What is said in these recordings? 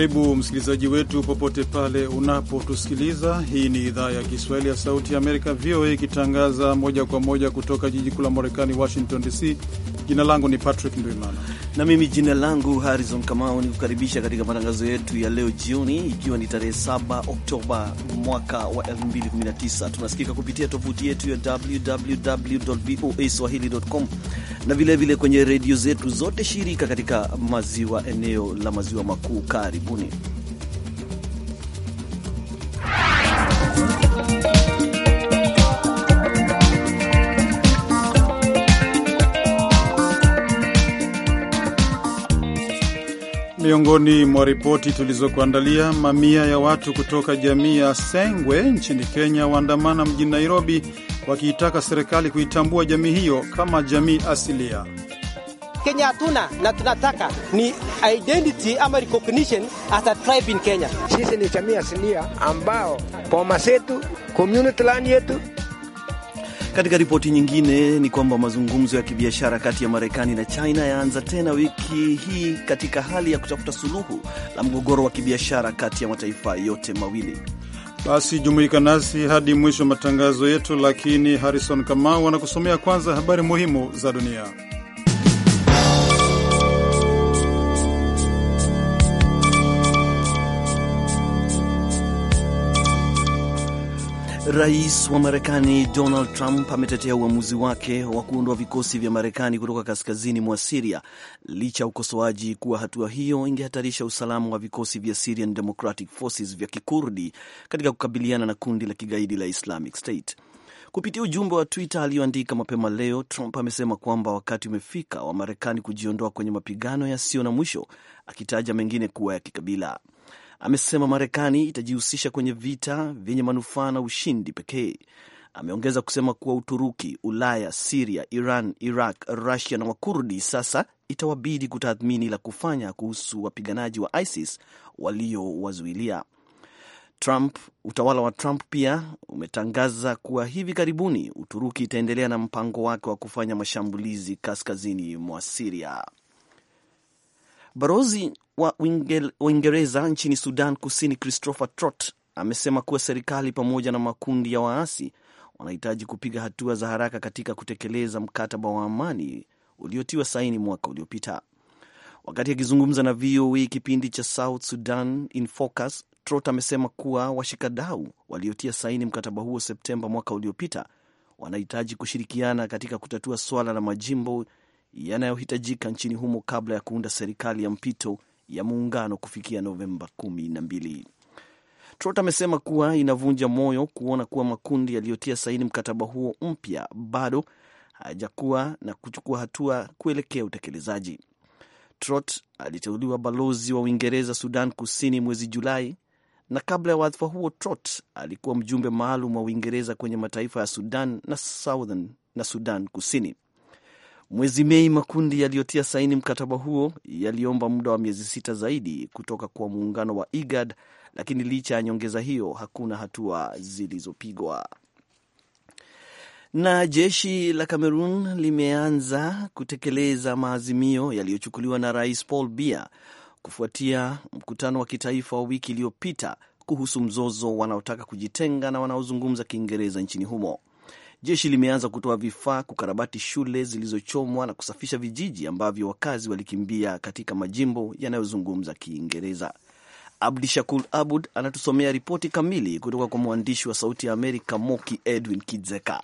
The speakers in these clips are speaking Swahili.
Karibu msikilizaji wetu popote pale unapotusikiliza. Hii ni idhaa ya Kiswahili ya Sauti ya Amerika, VOA, ikitangaza moja kwa moja kutoka jiji kuu la Marekani, Washington DC. Jina langu ni Patrick Ndwimana na mimi jina langu Harrison Kamau, ni kukaribisha katika matangazo yetu ya leo jioni, ikiwa ni tarehe 7 Oktoba mwaka wa 2019. Tunasikika kupitia tovuti yetu ya www voa swahili.com na vilevile kwenye redio zetu zote shirika katika maziwa eneo la maziwa makuu. Karibuni. Miongoni mwa ripoti tulizokuandalia, mamia ya watu kutoka jamii ya Sengwe nchini Kenya waandamana mjini Nairobi wakiitaka serikali kuitambua jamii hiyo kama jamii asilia. Kenya hatuna na tunataka ni identity ama recognition as a tribe in Kenya. Sisi ni jamii asilia ambao poma zetu, community land yetu katika ripoti nyingine ni kwamba mazungumzo ya kibiashara kati ya Marekani na China yaanza tena wiki hii katika hali ya kutafuta suluhu la mgogoro wa kibiashara kati ya mataifa yote mawili. Basi jumuika nasi hadi mwisho wa matangazo yetu, lakini Harrison Kamau anakusomea kwanza habari muhimu za dunia. Rais wa Marekani Donald Trump ametetea uamuzi wake wa kuondoa vikosi vya Marekani kutoka kaskazini mwa Siria licha ya ukosoaji kuwa hatua hiyo ingehatarisha usalama wa vikosi vya Syrian Democratic Forces vya Kikurdi katika kukabiliana na kundi la kigaidi la Islamic State. Kupitia ujumbe wa Twitter aliyoandika mapema leo, Trump amesema kwamba wakati umefika wa Marekani kujiondoa kwenye mapigano yasiyo na mwisho, akitaja mengine kuwa ya kikabila. Amesema Marekani itajihusisha kwenye vita vyenye manufaa na ushindi pekee. Ameongeza kusema kuwa Uturuki, Ulaya, Siria, Iran, Iraq, Rusia na Wakurdi sasa itawabidi kutathmini la kufanya kuhusu wapiganaji wa ISIS waliowazuilia. Trump, utawala wa Trump pia umetangaza kuwa hivi karibuni Uturuki itaendelea na mpango wake wa kufanya mashambulizi kaskazini mwa Siria. Barozi wa Uingereza nchini Sudan Kusini Christopher Trot amesema kuwa serikali pamoja na makundi ya waasi wanahitaji kupiga hatua za haraka katika kutekeleza mkataba wa amani uliotiwa saini mwaka uliopita. Wakati akizungumza na VOA kipindi cha South Sudan in Focus, Trot amesema kuwa washikadau waliotia saini mkataba huo Septemba mwaka uliopita wanahitaji kushirikiana katika kutatua swala la majimbo yanayohitajika nchini humo kabla ya kuunda serikali ya mpito ya muungano kufikia Novemba kumi na mbili. Trot amesema kuwa inavunja moyo kuona kuwa makundi yaliyotia saini mkataba huo mpya bado hajakuwa na kuchukua hatua kuelekea utekelezaji. Trot aliteuliwa balozi wa Uingereza Sudan Kusini mwezi Julai, na kabla ya wadhifa huo Trot alikuwa mjumbe maalum wa Uingereza kwenye mataifa ya Sudan na Southern na Sudan Kusini. Mwezi Mei, makundi yaliyotia saini mkataba huo yaliomba muda wa miezi sita zaidi kutoka kwa muungano wa IGAD, lakini licha ya nyongeza hiyo hakuna hatua zilizopigwa. Na jeshi la cameron limeanza kutekeleza maazimio yaliyochukuliwa na Rais Paul Biya kufuatia mkutano wa kitaifa wa wiki iliyopita kuhusu mzozo wanaotaka kujitenga na wanaozungumza Kiingereza nchini humo. Jeshi limeanza kutoa vifaa, kukarabati shule zilizochomwa na kusafisha vijiji ambavyo wakazi walikimbia katika majimbo yanayozungumza Kiingereza. Abdi Shakur Abud anatusomea ripoti kamili kutoka kwa mwandishi wa Sauti ya Amerika Moki Edwin Kidzeka.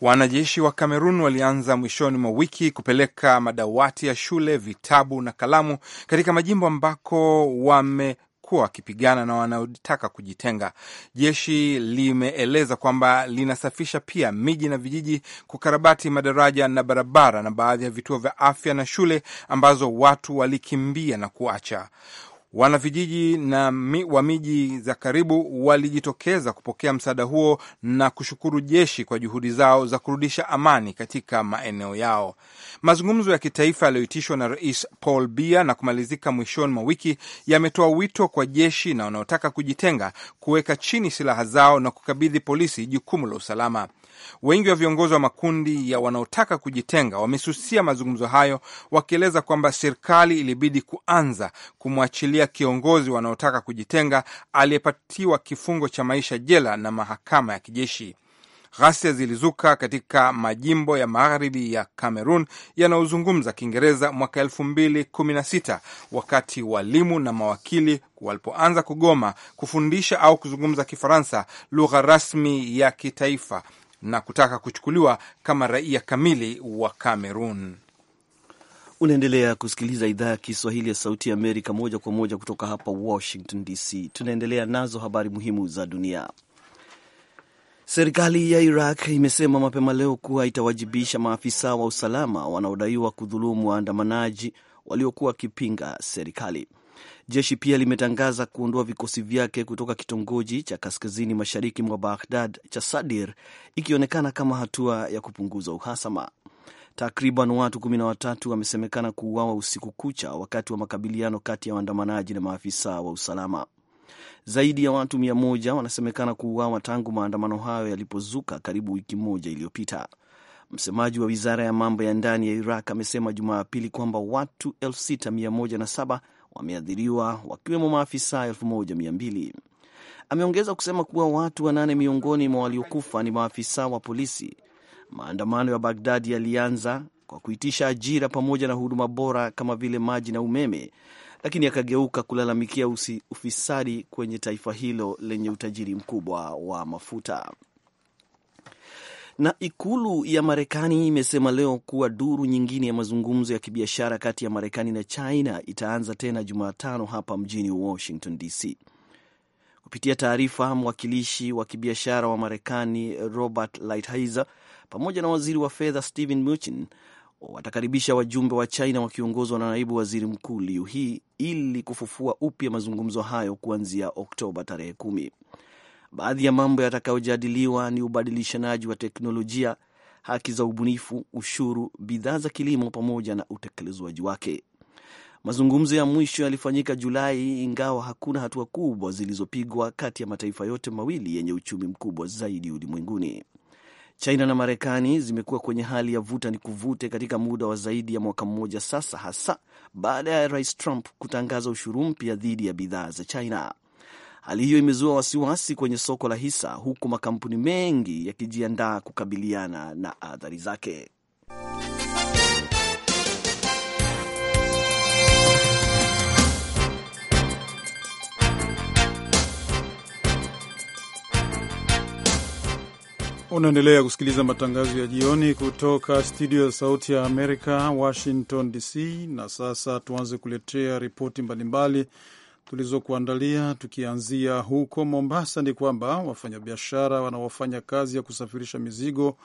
Wanajeshi wa Kamerun walianza mwishoni mwa wiki kupeleka madawati ya shule, vitabu na kalamu katika majimbo ambako wame waliokuwa wakipigana na wanaotaka kujitenga. Jeshi limeeleza kwamba linasafisha pia miji na vijiji, kukarabati madaraja na barabara, na baadhi ya vituo vya afya na shule ambazo watu walikimbia na kuacha. Wanavijiji na mi, wa miji za karibu walijitokeza kupokea msaada huo na kushukuru jeshi kwa juhudi zao za kurudisha amani katika maeneo yao. Mazungumzo ya kitaifa yaliyoitishwa na Rais Paul Biya na kumalizika mwishoni mwa wiki yametoa wito kwa jeshi na wanaotaka kujitenga kuweka chini silaha zao na kukabidhi polisi jukumu la usalama. Wengi wa viongozi wa makundi ya wanaotaka kujitenga wamesusia mazungumzo hayo, wakieleza kwamba serikali ilibidi kuanza kumwachilia kiongozi wanaotaka kujitenga aliyepatiwa kifungo cha maisha jela na mahakama ya kijeshi. Ghasia zilizuka katika majimbo ya magharibi ya Kamerun yanayozungumza Kiingereza mwaka sita wakati walimu na mawakili walipoanza kugoma kufundisha au kuzungumza Kifaransa, lugha rasmi ya kitaifa, na kutaka kuchukuliwa kama raia kamili wa Kamerun. Unaendelea kusikiliza idhaa ya Kiswahili ya Sauti ya Amerika moja kwa moja kutoka hapa Washington DC. Tunaendelea nazo habari muhimu za dunia. Serikali ya Iraq imesema mapema leo kuwa itawajibisha maafisa wa usalama wanaodaiwa kudhulumu waandamanaji waliokuwa wakipinga serikali. Jeshi pia limetangaza kuondoa vikosi vyake kutoka kitongoji cha kaskazini mashariki mwa Baghdad cha Sadir, ikionekana kama hatua ya kupunguza uhasama. Takriban watu kumi na watatu wamesemekana kuuawa usiku kucha wakati wa makabiliano kati ya waandamanaji na maafisa wa usalama. Zaidi ya watu mia moja wanasemekana kuuawa tangu maandamano hayo yalipozuka karibu wiki moja iliyopita. Msemaji wa wizara ya mambo ya ndani ya Iraq amesema Jumapili kwamba watu wameathiriwa wakiwemo maafisa 1200. Ameongeza kusema kuwa watu wanane miongoni mwa waliokufa ni maafisa wa polisi. Maandamano ya Bagdadi yalianza kwa kuitisha ajira pamoja na huduma bora kama vile maji na umeme, lakini akageuka kulalamikia ufisadi kwenye taifa hilo lenye utajiri mkubwa wa mafuta. Na ikulu ya Marekani imesema leo kuwa duru nyingine ya mazungumzo ya kibiashara kati ya Marekani na China itaanza tena Jumatano hapa mjini Washington DC. Kupitia taarifa, mwakilishi wa kibiashara wa Marekani Robert Lighthizer pamoja na waziri wa fedha Steven Mnuchin watakaribisha wajumbe wa China wakiongozwa na naibu waziri mkuu Liu hii ili kufufua upya mazungumzo hayo kuanzia Oktoba tarehe kumi. Baadhi ya mambo yatakayojadiliwa ni ubadilishanaji wa teknolojia, haki za ubunifu, ushuru, bidhaa za kilimo pamoja na utekelezwaji wake. Mazungumzo ya mwisho yalifanyika Julai, ingawa hakuna hatua kubwa zilizopigwa kati ya mataifa yote mawili yenye uchumi mkubwa zaidi ulimwenguni. China na Marekani zimekuwa kwenye hali ya vuta ni kuvute katika muda wa zaidi ya mwaka mmoja sasa, hasa baada ya Rais Trump kutangaza ushuru mpya dhidi ya bidhaa za China. Hali hiyo imezua wasiwasi kwenye soko la hisa, huku makampuni mengi yakijiandaa kukabiliana na athari zake. Unaendelea kusikiliza matangazo ya jioni kutoka studio ya Sauti ya Amerika, Washington DC. Na sasa tuanze kuletea ripoti mbalimbali tulizokuandalia, tukianzia huko Mombasa, ni kwamba wafanyabiashara wanaofanya kazi ya kusafirisha mizigo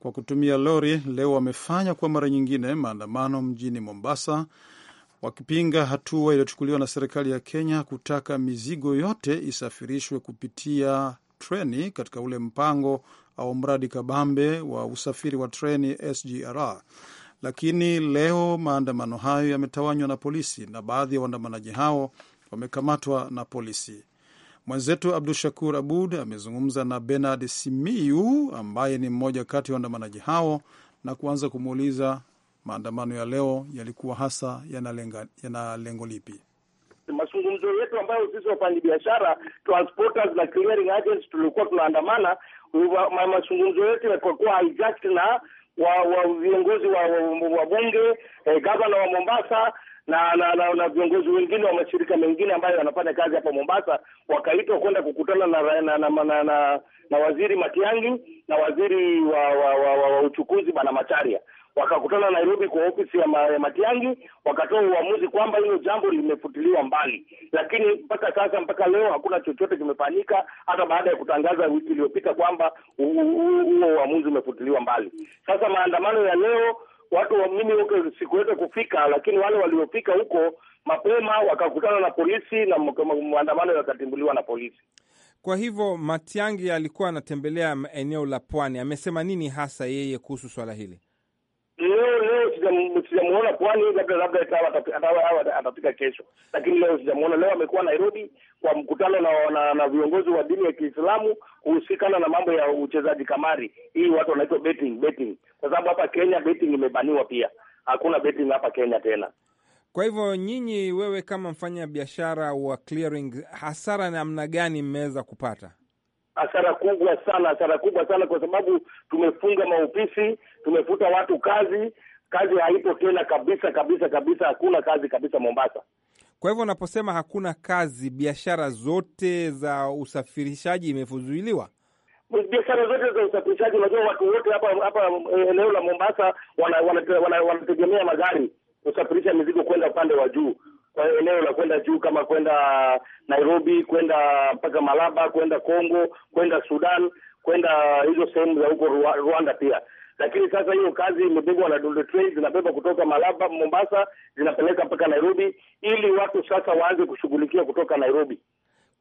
kwa kutumia lori leo wamefanya kwa mara nyingine maandamano mjini Mombasa wakipinga hatua iliyochukuliwa na serikali ya Kenya kutaka mizigo yote isafirishwe kupitia treni katika ule mpango au mradi kabambe wa usafiri wa treni SGR. Lakini leo maandamano hayo yametawanywa na polisi, na baadhi ya waandamanaji hao wamekamatwa na polisi. Mwenzetu Abdu Shakur Abud amezungumza na Benard simiu ambaye ni mmoja kati ya waandamanaji hao na kuanza kumuuliza maandamano ya leo yalikuwa hasa yana lengo lipi? Mazungumzo yetu ambayo sisi wafanyabiashara, transporters na clearing agents tulikuwa tunaandamana, mazungumzo yetu yakakuwa hijacked na wa viongozi wa, wa, wa bunge eh, gavana wa Mombasa na na, na, na viongozi wengine wa mashirika mengine ambayo wanafanya kazi hapa Mombasa wakaitwa kwenda kukutana na na, na, na, na na waziri Matiang'i na waziri wa, wa, wa, wa, wa uchukuzi bana Macharia wakakutana Nairobi kwa ofisi ya, ya Matiang'i wakatoa uamuzi kwamba hilo jambo limefutiliwa mbali, lakini mpaka sasa, mpaka leo hakuna chochote kimefanyika, hata baada ya kutangaza wiki iliyopita kwamba huo uamuzi umefutiliwa mbali. Sasa maandamano ya leo watu mimi huko siku kufika, lakini wale waliofika huko mapema wakakutana na polisi na maandamano yakatimbuliwa na polisi. Kwa hivyo Matiang'i alikuwa anatembelea eneo la pwani, amesema nini hasa yeye kuhusu swala hili? leo leo sijamuona Pwani, labda labda ikawa atafika kesho, lakini leo sijamuona. Leo amekuwa Nairobi kwa mkutano na, na, na viongozi wa dini ya Kiislamu kuhusikana na mambo ya uchezaji kamari. Hii watu wanaitwa betting betting, kwa sababu hapa Kenya betting imebaniwa pia, hakuna betting hapa Kenya tena. Kwa hivyo nyinyi, wewe kama mfanya biashara wa clearing, hasara namna gani mmeweza kupata? hasara kubwa sana, hasara kubwa sana, kwa sababu tumefunga maofisi, tumefuta watu kazi, kazi haipo tena kabisa kabisa kabisa, hakuna kazi kabisa Mombasa. Kwa hivyo unaposema hakuna kazi, biashara zote za usafirishaji imefuzuiliwa biashara zote za usafirishaji. Unajua watu wote hapa hapa eh, eneo la Mombasa wanategemea wana, wana, wana magari kusafirisha mizigo kwenda upande wa juu eneo la kwenda juu kama kwenda Nairobi, kwenda mpaka Malaba, kwenda Kongo, kwenda Sudan, kwenda hizo sehemu za huko Rwanda pia. Lakini sasa hiyo kazi imebebwa na Dondo Trade, zinabeba kutoka Malaba, Mombasa, zinapeleka mpaka Nairobi, ili watu sasa waanze kushughulikia kutoka Nairobi.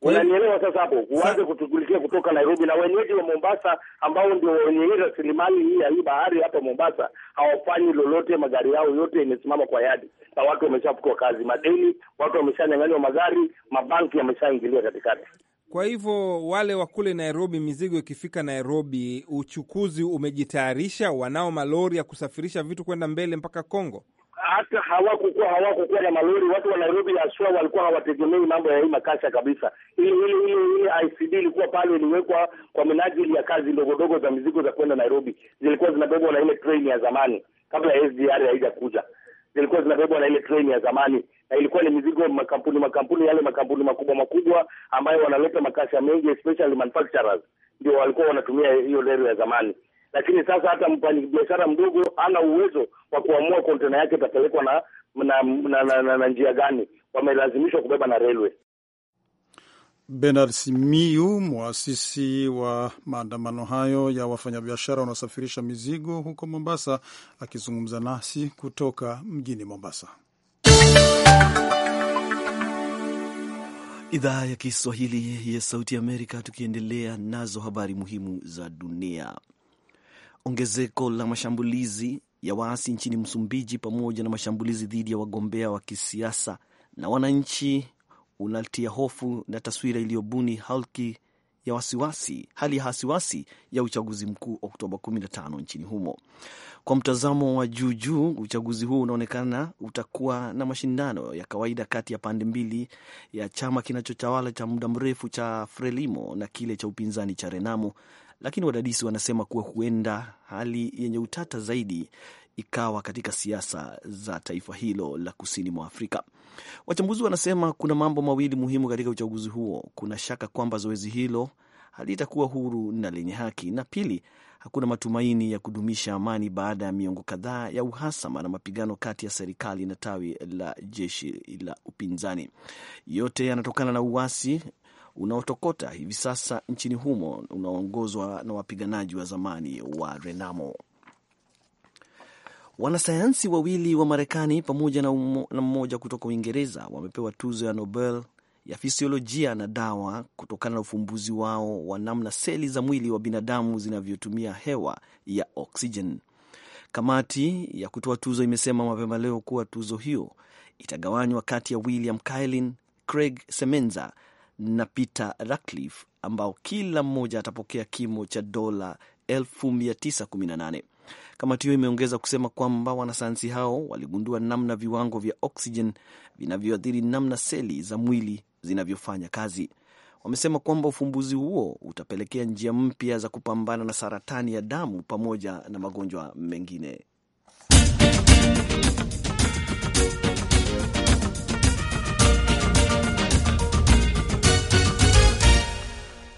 Unanielewa sasa hapo, uanze kutugulikia kutoka Nairobi, na wenyeji wa Mombasa ambao ndio wenye hii rasilimali hii ya hii bahari hapa Mombasa hawafanyi lolote. Magari yao yote imesimama kwa yadi na watu wameshafukua kazi, madeni, watu wameshanyang'anywa magari, mabanki yameshaingilia katikati. Kwa hivyo wale wa kule Nairobi, mizigo ikifika Nairobi, uchukuzi umejitayarisha, wanao malori ya kusafirisha vitu kwenda mbele mpaka Kongo hata hawakukuwa hawakukuwa na malori. Watu wa Nairobi haswa walikuwa hawategemei mambo ya hii makasha kabisa. Ile ile ile ile ICD ilikuwa pale, iliwekwa kwa minajili ya kazi ndogondogo za mizigo za kwenda Nairobi. Zilikuwa zinabebwa na ile train ya zamani kabla ya SGR haijakuja, zilikuwa zinabebwa na ile train ya zamani, na ilikuwa ni mizigo makampuni makampuni yale makampuni makubwa makubwa ambayo wanaleta makasha mengi, especially manufacturers, ndio walikuwa wanatumia hiyo reli ya zamani lakini sasa hata mfanyabiashara mdogo ana uwezo wa kuamua kontena yake itapelekwa na na, na, na, na na njia gani. Wamelazimishwa kubeba na railway. Bernard Simiu, mwasisi wa maandamano hayo ya wafanyabiashara wanaosafirisha mizigo huko Mombasa, akizungumza nasi kutoka mjini Mombasa. Idhaa ya Kiswahili ya Sauti ya Amerika, tukiendelea nazo habari muhimu za dunia ongezeko la mashambulizi ya waasi nchini Msumbiji pamoja na mashambulizi dhidi ya wagombea wa kisiasa na wananchi unatia hofu na taswira iliyobuni halki ya wasiwasi, hali ya wasiwasi ya uchaguzi mkuu Oktoba 15 nchini humo. Kwa mtazamo wa juu juu, uchaguzi huo unaonekana utakuwa na mashindano ya kawaida kati ya pande mbili ya chama kinachotawala cha muda mrefu cha Frelimo na kile cha upinzani cha Renamo lakini wadadisi wanasema kuwa huenda hali yenye utata zaidi ikawa katika siasa za taifa hilo la kusini mwa Afrika. Wachambuzi wanasema kuna mambo mawili muhimu katika uchaguzi huo: kuna shaka kwamba zoezi hilo halitakuwa huru na lenye haki, na pili, hakuna matumaini ya kudumisha amani baada ya miongo kadhaa ya uhasama na mapigano kati ya serikali na tawi la jeshi la upinzani. Yote yanatokana na uasi unaotokota hivi sasa nchini humo unaoongozwa na wapiganaji wa zamani wa Renamo. Wanasayansi wawili wa Marekani pamoja na, umo, na mmoja kutoka Uingereza wamepewa tuzo ya Nobel ya fisiolojia na dawa kutokana na ufumbuzi wao wa namna seli za mwili wa binadamu zinavyotumia hewa ya oksijen. Kamati ya kutoa tuzo imesema mapema leo kuwa tuzo hiyo itagawanywa kati ya William Kaelin, Craig Semenza na Peter Ratcliffe ambao kila mmoja atapokea kimo cha dola 1918. Kamati hiyo imeongeza kusema kwamba wanasayansi hao waligundua namna viwango vya oksijen vinavyoathiri namna seli za mwili zinavyofanya kazi. Wamesema kwamba ufumbuzi huo utapelekea njia mpya za kupambana na saratani ya damu pamoja na magonjwa mengine.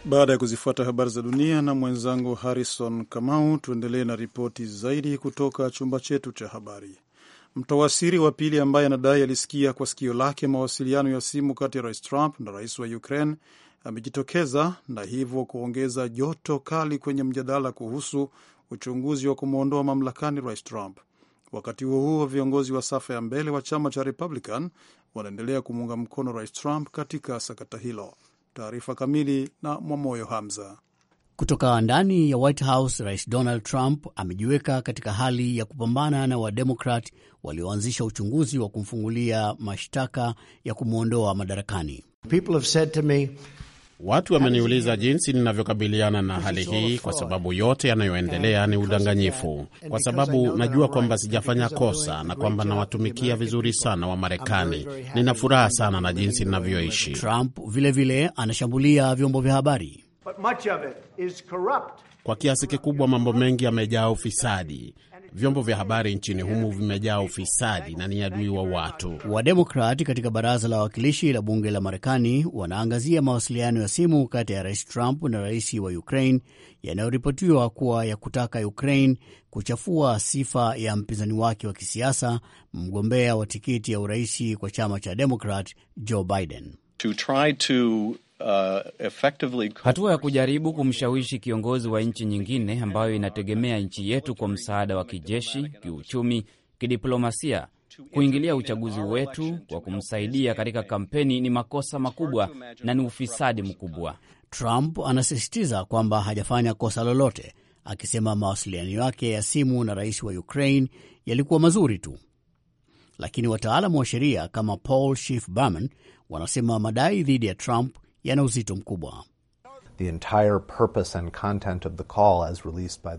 Baada ya kuzifuata habari za dunia na mwenzangu Harrison Kamau, tuendelee na ripoti zaidi kutoka chumba chetu cha habari. Mtawasiri wa pili ambaye anadai alisikia kwa sikio lake mawasiliano ya simu kati ya rais Trump na rais wa Ukraine amejitokeza na hivyo kuongeza joto kali kwenye mjadala kuhusu uchunguzi wa kumwondoa mamlakani rais Trump. Wakati huo huo, viongozi wa safa ya mbele wa chama cha Republican wanaendelea kumuunga mkono rais Trump katika sakata hilo. Taarifa kamili na Mwamoyo Hamza. Kutoka ndani ya White House, Rais Donald Trump amejiweka katika hali ya kupambana na Wademokrat walioanzisha uchunguzi wa kumfungulia mashtaka ya kumwondoa madarakani. People have said to me, Watu wameniuliza jinsi ninavyokabiliana na hali hii, kwa sababu yote yanayoendelea ni udanganyifu, kwa sababu najua kwamba sijafanya kosa na kwamba nawatumikia vizuri sana wa Marekani. Nina furaha sana na jinsi ninavyoishi. Trump vilevile anashambulia vyombo vya habari. Kwa kiasi kikubwa mambo mengi yamejaa ufisadi, Vyombo vya habari nchini humo vimejaa ufisadi na ni adui wa watu. wademokrat katika baraza la wawakilishi la bunge la Marekani wanaangazia mawasiliano ya simu kati ya rais Trump na rais wa Ukraine yanayoripotiwa kuwa ya kutaka Ukraine kuchafua sifa ya mpinzani wake wa kisiasa, mgombea wa tikiti ya uraisi kwa chama cha Demokrat Joe Biden. To try to Uh, effectively... hatua ya kujaribu kumshawishi kiongozi wa nchi nyingine ambayo inategemea nchi yetu kwa msaada wa kijeshi, kiuchumi, kidiplomasia kuingilia uchaguzi wetu kwa kumsaidia katika kampeni ni makosa makubwa na ni ufisadi mkubwa. Trump anasisitiza kwamba hajafanya kosa lolote, akisema mawasiliano yake ya simu na rais wa Ukraine yalikuwa mazuri tu, lakini wataalamu wa sheria kama Paul Schiff Berman wanasema madai dhidi ya Trump yana uzito mkubwa.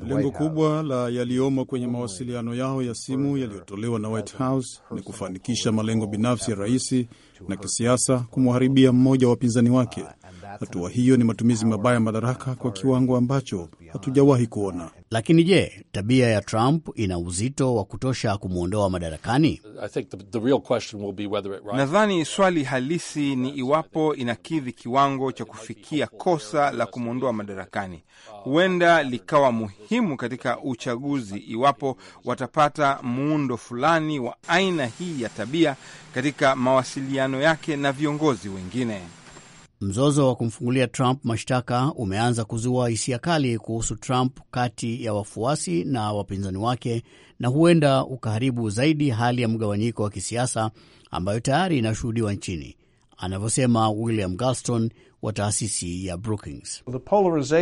Lengo kubwa la yaliyomo kwenye mawasiliano yao ya simu yaliyotolewa na White House ni kufanikisha malengo binafsi ya rais na kisiasa, kumharibia mmoja wa wapinzani wake Hatua hiyo ni matumizi mabaya madaraka kwa kiwango ambacho hatujawahi kuona. Lakini je, tabia ya Trump ina uzito wa kutosha kumwondoa madarakani? Nadhani swali halisi ni iwapo inakidhi kiwango cha kufikia kosa la kumwondoa madarakani. Huenda likawa muhimu katika uchaguzi iwapo watapata muundo fulani wa aina hii ya tabia katika mawasiliano yake na viongozi wengine. Mzozo wa kumfungulia Trump mashtaka umeanza kuzua hisia kali kuhusu Trump kati ya wafuasi na wapinzani wake na huenda ukaharibu zaidi hali ya mgawanyiko wa kisiasa ambayo tayari inashuhudiwa nchini, anavyosema William Galston wa taasisi ya Brookings. The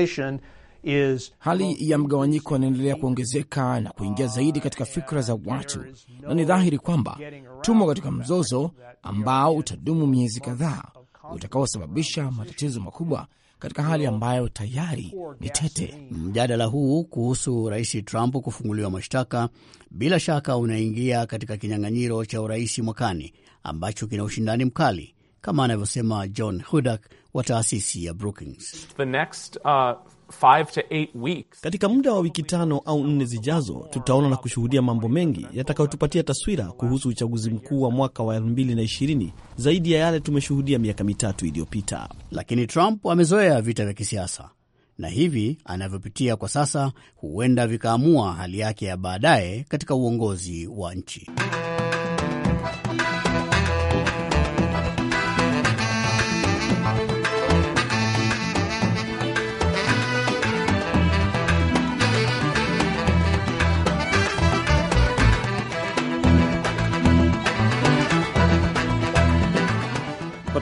is... hali ya mgawanyiko inaendelea kuongezeka na kuingia zaidi katika fikra za watu, na ni dhahiri kwamba tumo katika mzozo ambao utadumu miezi kadhaa utakaosababisha matatizo makubwa katika hali ambayo tayari ni tete. Mjadala huu kuhusu Rais Trump kufunguliwa mashtaka bila shaka unaingia katika kinyang'anyiro cha urais mwakani ambacho kina ushindani mkali kama anavyosema John Hudak wa taasisi ya Brookings. The next, uh... Five to eight weeks. Katika muda wa wiki tano au nne zijazo tutaona na kushuhudia mambo mengi yatakayotupatia taswira kuhusu uchaguzi mkuu wa mwaka wa 2020 zaidi ya yale tumeshuhudia miaka mitatu iliyopita. Lakini Trump amezoea vita vya kisiasa na hivi anavyopitia kwa sasa huenda vikaamua hali yake ya baadaye katika uongozi wa nchi.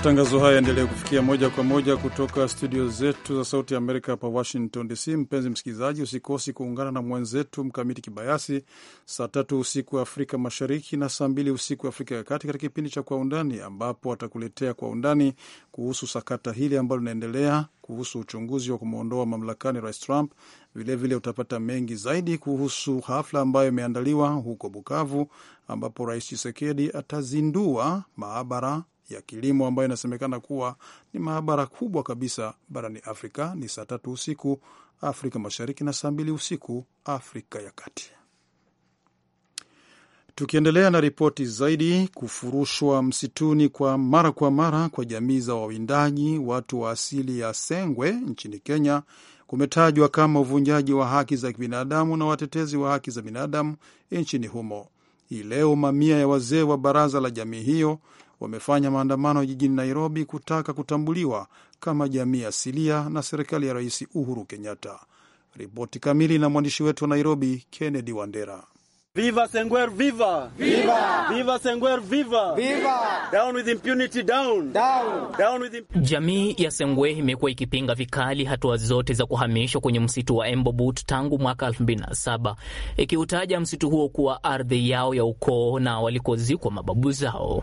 Matangazo haya yaendelea kufikia moja kwa moja kutoka studio zetu za Sauti ya Amerika hapa Washington DC. Mpenzi msikilizaji, usikosi kuungana na mwenzetu Mkamiti Kibayasi saa tatu usiku wa Afrika Mashariki na saa mbili usiku wa Afrika ya Kati katika kipindi cha Kwa Undani, ambapo atakuletea kwa undani kuhusu sakata hili ambalo linaendelea kuhusu uchunguzi wa kumwondoa mamlakani Rais Trump. Vilevile vile utapata mengi zaidi kuhusu hafla ambayo imeandaliwa huko Bukavu, ambapo Rais Chisekedi atazindua maabara ya kilimo ambayo inasemekana kuwa ni maabara kubwa kabisa barani Afrika. Ni saa tatu usiku Afrika Mashariki na saa mbili usiku Afrika ya Kati. Tukiendelea na ripoti zaidi, kufurushwa msituni kwa mara kwa mara kwa jamii za wawindaji watu wa asili ya Sengwe nchini Kenya kumetajwa kama uvunjaji wa haki za kibinadamu na watetezi wa haki za binadamu nchini humo. Hii leo mamia ya wazee wa baraza la jamii hiyo wamefanya maandamano jijini Nairobi kutaka kutambuliwa kama jamii asilia na serikali ya Rais Uhuru Kenyatta. Ripoti kamili na mwandishi wetu wa Nairobi, Kennedy Wandera. Viva Sengwer, viva. Viva. Viva Sengwer, viva. Viva. Down with impunity, down. Down. Down with impunity. Jamii ya Sengwe imekuwa ikipinga vikali hatua zote za kuhamishwa kwenye msitu wa Embobut tangu mwaka 2007 ikiutaja msitu huo kuwa ardhi yao ya ukoo na walikozikwa mababu zao.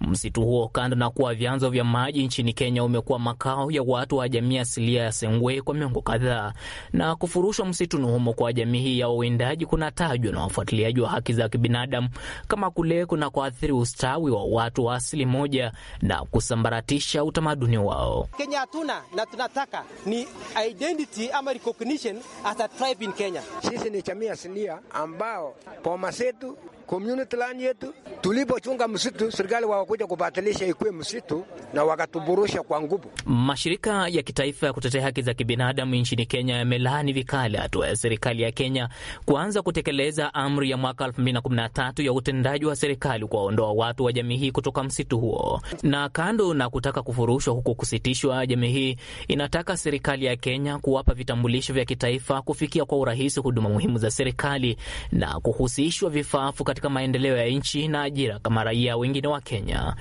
Msitu huo kando na kuwa vyanzo vya maji nchini Kenya, umekuwa makao ya watu wa jamii asilia ya Sengwe kwa miongo kadhaa, na kufurushwa msitu humo kwa jamii hii ya uwindaji kunatajwa na wafuatili ukiukwaji wa haki za kibinadamu kama kule kuna kuathiri ustawi wa watu wa asili moja na kusambaratisha utamaduni wao. Kenya hatuna na tunataka ni identity ama recognition as a tribe in Kenya. Sisi ni jamii asilia ambao poma zetu community land yetu. Tulipochunga msitu, serikali wakuja kubatilisha ikuwe msitu na wakatuburusha kwa nguvu. Mashirika ya kitaifa ya kutetea haki za kibinadamu nchini Kenya yamelaani vikali hatua ya serikali ya Kenya kuanza kutekeleza amri ya mwaka 2013 ya utendaji wa serikali kuwaondoa watu wa jamii hii kutoka msitu huo. Na kando na kutaka kufurushwa huku kusitishwa, jamii hii inataka serikali ya Kenya kuwapa vitambulisho vya kitaifa, kufikia kwa urahisi huduma muhimu za serikali na kuhusishwa vifaafu katika maendeleo ya nchi na ajira kama raia wengine wa Kenya.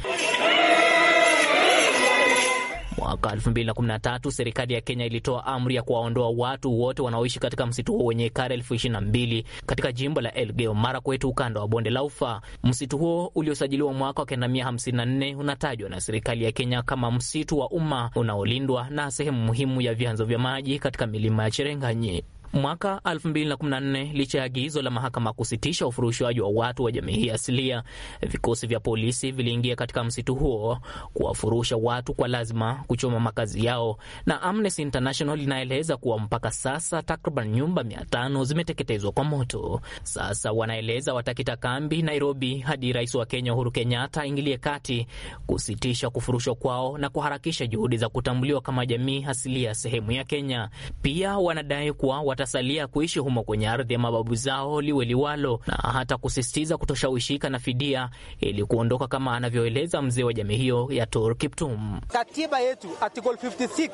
Mwaka 2013 serikali ya Kenya ilitoa amri ya kuwaondoa watu wote wanaoishi katika msitu huo wenye ekari elfu ishirini na mbili katika jimbo la Elgeyo Marakwet, ukanda wa bonde la Ufa. Msitu huo uliosajiliwa mwaka wa 1954 unatajwa na serikali ya Kenya kama msitu wa umma unaolindwa na sehemu muhimu ya vyanzo vya maji katika milima ya Cherenganyi. Mwaka 2014 licha ya agizo la mahakama kusitisha ufurushwaji wa watu wa jamii hii asilia, vikosi vya polisi viliingia katika msitu huo kuwafurusha watu kwa lazima, kuchoma makazi yao, na Amnesty International inaeleza kuwa mpaka sasa takriban nyumba 500 zimeteketezwa kwa moto. Sasa wanaeleza watakita kambi Nairobi hadi rais wa Kenya Uhuru Kenyatta aingilie kati kusitisha kufurushwa kwao na kuharakisha juhudi za kutambuliwa kama jamii asilia sehemu ya Kenya. Pia wanadai kuwa watasalia kuishi humo kwenye ardhi ya mababu zao liwe liwalo, na hata kusisitiza kutoshawishika na fidia ili kuondoka, kama anavyoeleza mzee wa jamii hiyo ya Tor Kiptum. Katiba yetu article 56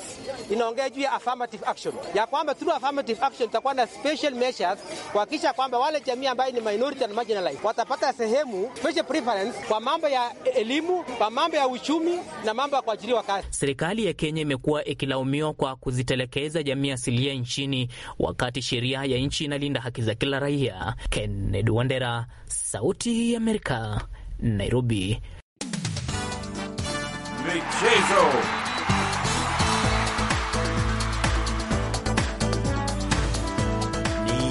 inaongea juu ya affirmative action, ya kwamba through affirmative action itakuwa na special measures kuhakikisha kwamba wale jamii ambayo ni minority and marginalized watapata sehemu special preference kwa mambo ya elimu, kwa mambo ya uchumi na mambo ya kuajiriwa kazi. Serikali ya Kenya imekuwa ikilaumiwa kwa kuzitelekeza jamii asilia nchini wa wakati sheria ya nchi inalinda haki za kila raia. Kennedy Wandera, Sauti ya Amerika, Nairobi. Michezo.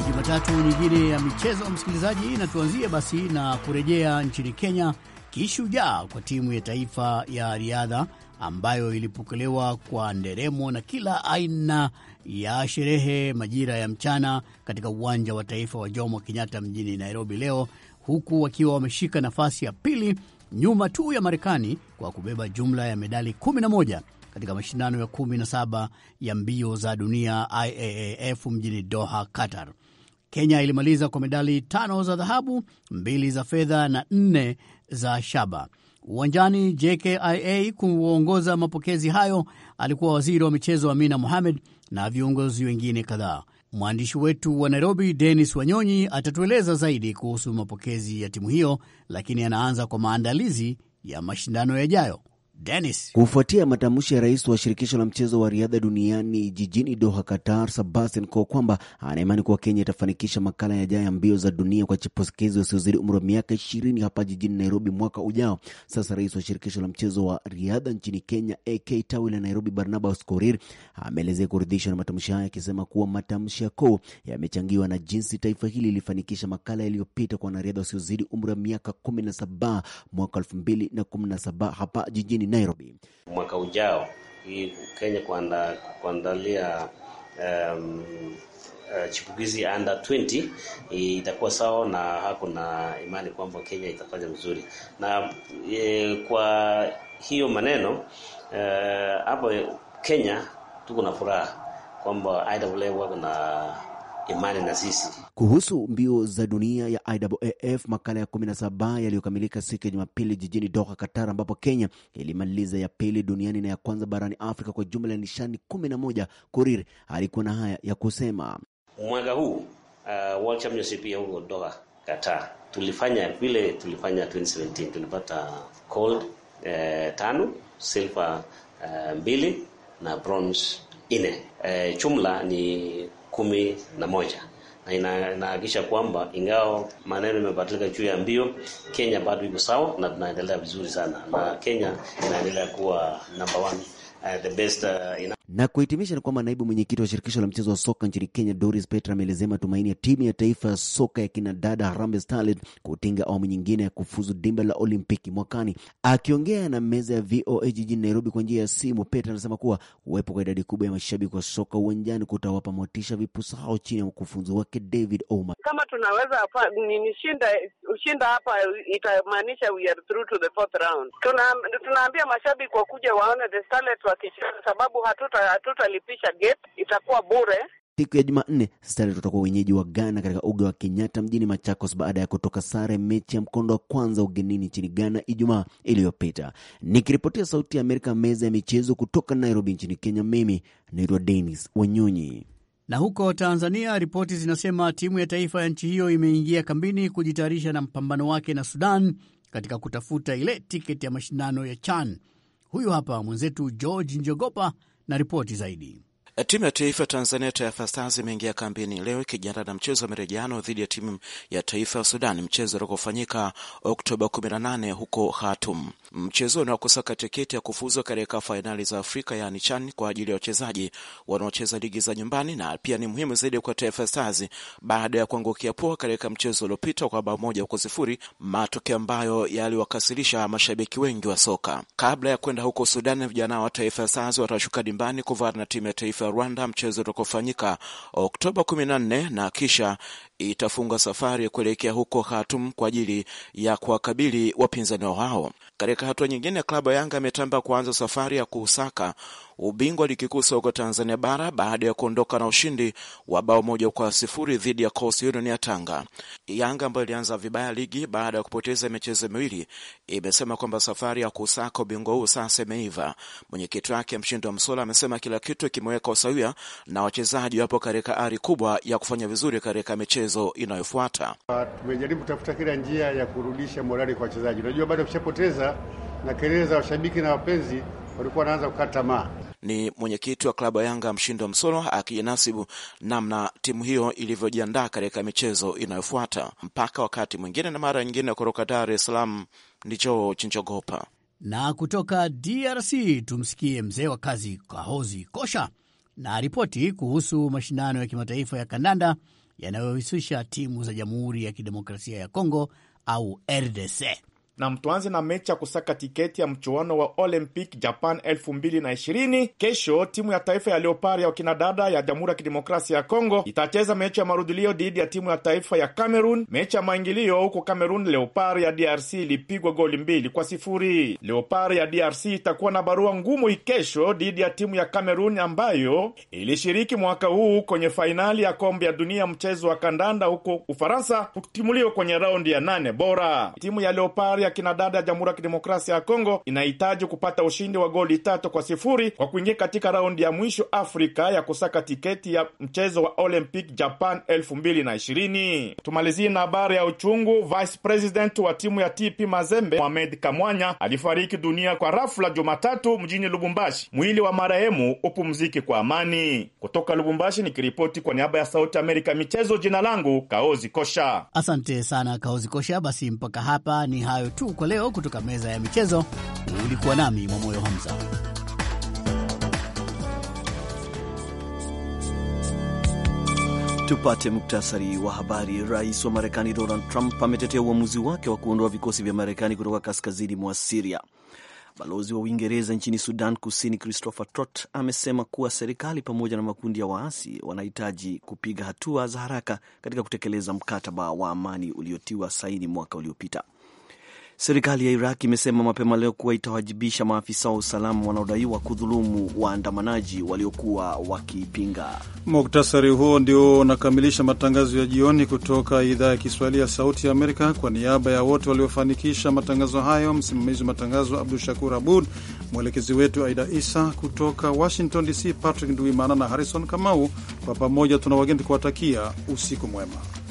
Jumatatu nyingine ya michezo msikilizaji, na tuanzie basi na kurejea nchini Kenya kishujaa kwa timu ya taifa ya riadha ambayo ilipokelewa kwa nderemo na kila aina ya sherehe majira ya mchana katika uwanja wa taifa wa Jomo Kenyatta mjini Nairobi leo, huku wakiwa wameshika nafasi ya pili nyuma tu ya Marekani kwa kubeba jumla ya medali 11 katika mashindano ya 17 ya mbio za dunia IAAF mjini Doha, Qatar. Kenya ilimaliza kwa medali tano za dhahabu, mbili za fedha na nne za shaba uwanjani. JKIA kuongoza mapokezi hayo alikuwa waziri wa michezo Amina Mohamed na viongozi wengine kadhaa. Mwandishi wetu wa Nairobi, Denis Wanyonyi, atatueleza zaidi kuhusu mapokezi ya timu hiyo, lakini anaanza kwa maandalizi ya mashindano yajayo. Dennis. Kufuatia matamshi ya rais wa shirikisho la mchezo wa riadha duniani jijini Doha, Qatar, Sebastian Coe kwamba anaimani kuwa Kenya itafanikisha makala ya ya mbio za dunia kwa chipokezi wasiozidi umri wa miaka ishirini hapa jijini Nairobi mwaka ujao. Sasa rais wa shirikisho la mchezo wa riadha nchini Kenya AK tawi la Nairobi, Barnabas Korir ameelezea kuridhishwa na matamshi hayo, akisema kuwa matamshi ya Coe yamechangiwa na jinsi taifa hili lilifanikisha makala yaliyopita kwa wanariadha wasiozidi umri wa miaka saba mwaka saba hapa jijini Nairobi. Mwaka ujao hii Kenya kuandalia um, uh, chipukizi under 20 itakuwa sawa, na hakuna imani kwamba Kenya itafanya vizuri na e, kwa hiyo maneno eh, hapo e, Kenya tuko na furaha kwamba IAA wako na imani na sisi kuhusu mbio za dunia ya IAAF makala ya 17 yaliyokamilika siku ya Jumapili jijini Doha, Qatar, ambapo Kenya ilimaliza ya pili duniani na ya kwanza barani Afrika kwa jumla ya nishani 11. Kurir alikuwa na haya ya kusema: mwaka huu uh, World Championship ya huko Doha, Qatar, tulifanya vile tulifanya 2017 tulipata gold uh, tano, silver uh, mbili na bronze nne, Uh, jumla ni kumi na moja na inahakikisha kwamba ingawa maneno imebadilika juu ya mbio, Kenya bado iko sawa na tunaendelea vizuri sana, na Kenya inaendelea kuwa number one, uh, the best uh, na kuhitimisha ni kwamba naibu mwenyekiti wa shirikisho la mchezo wa soka nchini Kenya, Doris Petra, ameelezea matumaini ya timu ya taifa ya soka ya kinadada Harambee Starlets kutinga awamu nyingine ya kufuzu dimba la Olimpiki mwakani. Akiongea na meza ya VOA jijini Nairobi kwa njia ya simu, Petra anasema kuwa uwepo kwa idadi kubwa ya mashabiki wa soka uwanjani kutawapa motisha vipusa hao chini ya mkufunzi wake David Ouma. Kama tunaweza ushinda hapa, itamaanisha we are through to the fourth round. Tuna, tunaambia mashabiki wakuja waone the Starlets wakicheza, sababu hatuta hatutalipisha gate, itakuwa bure. Siku ya Jumanne Stars tutakuwa wenyeji wa Ghana katika uga wa Kenyatta mjini Machakos baada ya kutoka sare mechi ya mkondo wa kwanza ugenini nchini Ghana Ijumaa iliyopita. Nikiripotia Sauti ya Amerika, meza ya michezo kutoka Nairobi nchini Kenya, mimi naitwa Denis Wanyonyi. Na huko Tanzania, ripoti zinasema timu ya taifa ya nchi hiyo imeingia kambini kujitayarisha na mpambano wake na Sudan katika kutafuta ile tiketi ya mashindano ya CHAN. Huyu hapa mwenzetu George Njogopa na ripoti zaidi. Eh, timu ya taifa Tanzania, Taifa Stars, imeingia kambini leo ikijiandaa na mchezo wa marejano dhidi ya timu ya taifa ya Sudan, mchezo utakaofanyika Oktoba 18 huko Khartoum. Mchezo unaokosaka tiketi ya kufuzwa katika fainali za Afrika yaani CHAN kwa ajili ya wachezaji wanaocheza ligi za nyumbani, na pia ni muhimu zaidi kwa Taifa Stars baada ya kuangukia pua katika mchezo uliopita kwa bao moja kwa sifuri, matokeo ambayo yaliwakasirisha mashabiki wengi wa soka. Kabla ya kwenda huko Sudan, vijana wa Taifa Stars watashuka dimbani kuvaa na timu ya taifa Rwanda, mchezo utakaofanyika Oktoba 14 na kisha itafunga safari kuelekea huko Khartoum kwa ajili ya kuwakabili wapinzani wao. Katika hatua nyingine, klabu ya Yanga imetamba kuanza safari ya kuusaka ubingwa ligi kuu soka Tanzania bara baada ya kuondoka na ushindi wa bao moja kwa sifuri dhidi ya Coastal Union ya Tanga. Yanga ambayo ilianza vibaya ligi baada ya kupoteza michezo miwili imesema kwamba safari ya kuusaka ubingwa huu sasa imeiva. Mwenyekiti wake Mshindi wa Msola amesema kila kitu kimeweka usawia na wachezaji wapo katika ari kubwa ya kufanya vizuri katika michezo michezo inayofuata. Tumejaribu kutafuta kila njia ya kurudisha morali kwa wachezaji. Unajua, bado ya na kelele za washabiki na wapenzi, walikuwa wanaanza kukata tamaa. Ni mwenyekiti wa klabu ya Yanga mshindo Msolo akinasibu namna timu hiyo ilivyojiandaa katika michezo inayofuata. Mpaka wakati mwingine na mara nyingine, kutoka Dar es Salaam ndicho Chinchogopa na kutoka DRC tumsikie mzee wa kazi Kahozi Kosha na ripoti kuhusu mashindano ya kimataifa ya kandanda yanayohusisha timu za Jamhuri ya Kidemokrasia ya Kongo au RDC na mtuanze na mechi ya kusaka tiketi ya mchuano wa Olympic Japan 2020. Kesho timu ya taifa ya Leopard ya wakinadada ya Jamhuri ya Kidemokrasia ya Kongo itacheza mechi ya marudhulio dhidi ya timu ya taifa ya Cameroon. Mechi ya maingilio huko Cameroon, Leopard ya DRC ilipigwa goli mbili kwa sifuri. Leopard ya DRC itakuwa na barua ngumu ikesho dhidi ya timu ya Cameroon ambayo ilishiriki mwaka huu kwenye fainali ya kombe ya dunia mchezo wa kandanda huko Ufaransa, kutimuliwa kwenye raundi ya nane bora. Timu ya Leopard ya kinadada ya Jamhuri ya Kidemokrasia ya Kongo inahitaji kupata ushindi wa goli tatu kwa sifuri kwa kuingia katika raundi ya mwisho Afrika ya kusaka tiketi ya mchezo wa Olympic Japan 2020. Tumalizie na habari ya uchungu. Vice President wa timu ya TP Mazembe Mohamed Kamwanya alifariki dunia kwa rafula Jumatatu mjini Lubumbashi. Mwili wa marehemu upumziki kwa amani. Kutoka Lubumbashi nikiripoti kwa niaba ya Sauti Amerika michezo, jina langu Kaozi Kosha. Asante sana Kaozi Kosha. Basi mpaka hapa ni hayo tu kwa leo kutoka meza ya michezo. Ulikuwa nami Mwamoyo Hamza. Tupate muktasari wa habari. Rais wa Marekani Donald Trump ametetea uamuzi wake wa kuondoa vikosi vya Marekani kutoka kaskazini mwa Siria. Balozi wa Uingereza nchini Sudan Kusini Christopher Trot amesema kuwa serikali pamoja na makundi ya waasi wanahitaji kupiga hatua za haraka katika kutekeleza mkataba wa amani uliotiwa saini mwaka uliopita. Serikali ya Iraq imesema mapema leo kuwa itawajibisha maafisa wa usalama wanaodaiwa kudhulumu waandamanaji waliokuwa wakiipinga. Muktasari huo ndio unakamilisha matangazo ya jioni kutoka idhaa ya Kiswahili ya Sauti ya Amerika. Kwa niaba ya wote waliofanikisha matangazo hayo, msimamizi wa matangazo Abdu Shakur Abud, mwelekezi wetu Aida Isa kutoka Washington DC, Patrick Nduimana na Harrison Kamau, kwa pamoja tuna wageni kuwatakia usiku mwema.